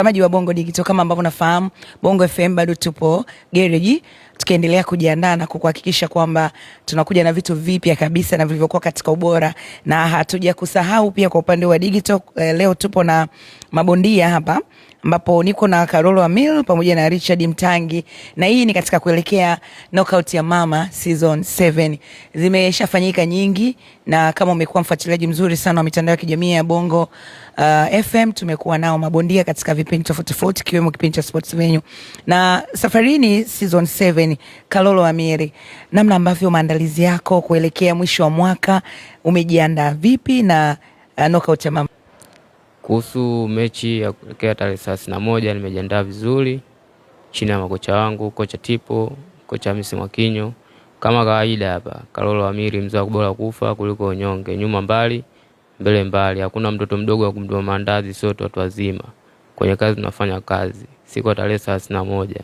Watazamaji wa Bongo Digital, kama ambavyo nafahamu, Bongo FM bado tupo gereji tukiendelea kujiandaa na kukuhakikisha kwamba tunakuja na vitu vipya kabisa na vilivyokuwa katika ubora, na hatuja kusahau pia kwa upande wa digital. Eh, leo tupo na mabondia hapa ambapo niko na Karolo Amil pamoja na Richard Mtangi, na hii ni katika kuelekea knockout ya mama season 7. Zimeshafanyika nyingi, na kama umekuwa mfuatiliaji mzuri sana wa mitandao ya kijamii ya Bongo uh, FM, tumekuwa nao mabondia katika vipindi tofauti tofauti, kiwemo kipindi cha Sports Venue, na safari ni season 7, Karolo Amil, namna ambavyo maandalizi yako kuelekea mwisho wa mwaka umejiandaa vipi na uh, knockout ya mama kuhusu mechi ya kuelekea tarehe thelathini na moja nimejiandaa vizuri chini ya makocha wangu, kocha Tipo, kocha Hamisi Mwakinyo, kama kawaida hapa Karolo Amiri, mzee bora kufa kuliko unyonge, nyuma mbali mbele mbali. Hakuna mtoto mdogo wa kumdua maandazi, sote watu wazima kwenye kazi, tunafanya kazi. Siku ya tarehe thelathini na moja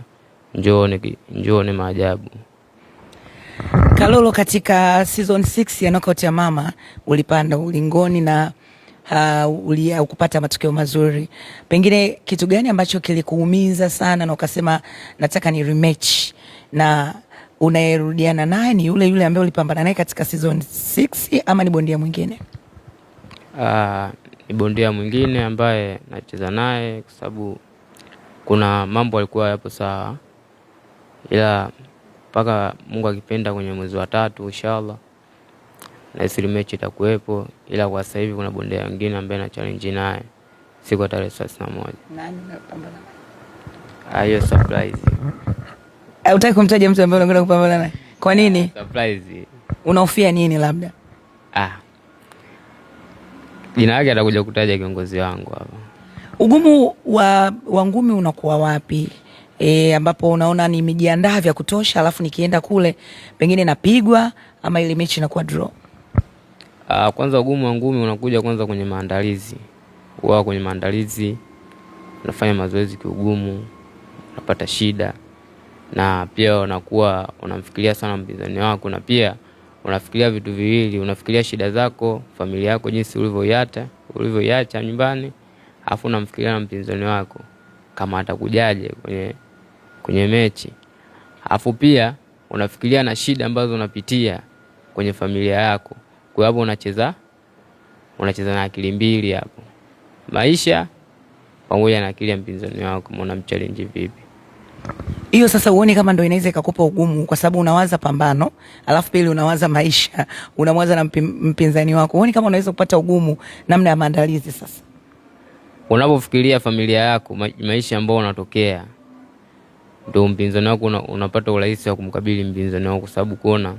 njoone njooni maajabu. Kalolo katika season 6 ya knockout ya mama ulipanda ulingoni na uh, ulia, kupata matokeo mazuri. Pengine kitu gani ambacho kilikuumiza sana na ukasema nataka ni rematch na unayerudiana naye ni yule yule ambaye ulipambana naye katika season 6 ama ni bondia mwingine? Uh, ni bondia mwingine ambaye nacheza naye kwa sababu kuna mambo alikuwa yapo sawa, ila mpaka Mungu akipenda kwenye mwezi wa tatu inshallah na ile mechi itakuwepo, ila kwa sasa hivi kuna bondia wengine ambaye na challenge naye siku ya tarehe thelathini na moja. Nani unapambana naye? Ah, hiyo surprise. Eh, hutaki kumtaja mtu ambaye unakwenda kupambana naye? Kwa nini? Ah, surprise. Unahofia nini labda? Ah. Jina lake atakuja kutaja kiongozi wangu hapa. Ugumu wa, wa ngumi unakuwa wapi? E, ambapo unaona nimejiandaa vya kutosha, alafu nikienda kule pengine napigwa ama ile mechi inakuwa draw. Uh, kwanza ugumu wa ngumi unakuja kwanza kwenye maandalizi. Wao kwenye maandalizi unafanya mazoezi kiugumu, unapata shida, na pia unakuwa unamfikiria sana mpinzani wako, na pia unafikiria vitu viwili, unafikiria shida zako, familia yako, jinsi ulivyoiacha ulivyoiacha nyumbani, afu unamfikiria na mpinzani wako kama atakujaje kwenye kwenye mechi, afu pia unafikiria na shida ambazo unapitia kwenye familia yako. Kwa hiyo hapo unacheza unacheza na akili mbili hapo, maisha pamoja na akili ya mpinzani wako, mchallenge vipi. Hiyo sasa uone kama ndio inaweza ikakupa ugumu, kwa sababu unawaza pambano, alafu pili unawaza maisha, unamwaza na mpinzani wako. Uone kama unaweza kupata ugumu namna ya maandalizi. Sasa unapofikiria familia yako, maisha ambayo unatokea, ndio mpinzani wako unapata urahisi wa kumkabili mpinzani wako, kwa sababu kuona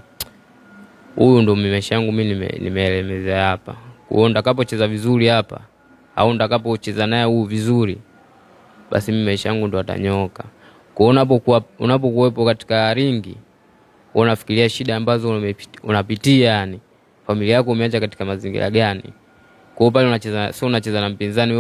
huyu ndo mimesha yangu mi nimeelemezea hapa. Kwa hiyo vizuri hapa au nitakapocheza naye huu vizuri, basi mimi maisha yangu ndo atanyoka Kwa hiyo unapokuwepo katika ringi, unafikiria shida ambazo unapitia, yani familia yako umeacha katika mazingira gani? Kwa hiyo pale unacheza, sio unacheza na mpinzani